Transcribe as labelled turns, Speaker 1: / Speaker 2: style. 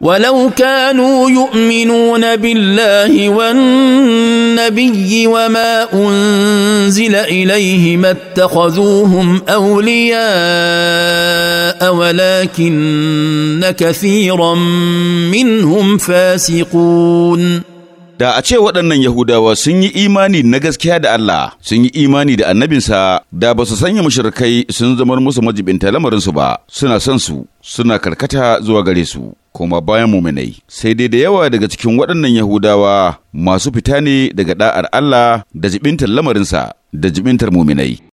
Speaker 1: ولو كانوا يؤمنون بالله والنبي وما انزل اليه ما اتخذوهم اولياء ولكن كثيرا
Speaker 2: منهم فاسقون
Speaker 3: Da a ce waɗannan Yahudawa sun yi imani na gaskiya da Allah, sun yi imani da annabinsa, da ba su sanya mushrikai sun zama musu majibinta lamarinsu ba, suna son su, suna karkata zuwa gare su. Kuma bayan muminai, sai dai da yawa daga cikin waɗannan Yahudawa masu fita ne daga da'ar Allah da jibintar lamarinsa da jibintar muminai.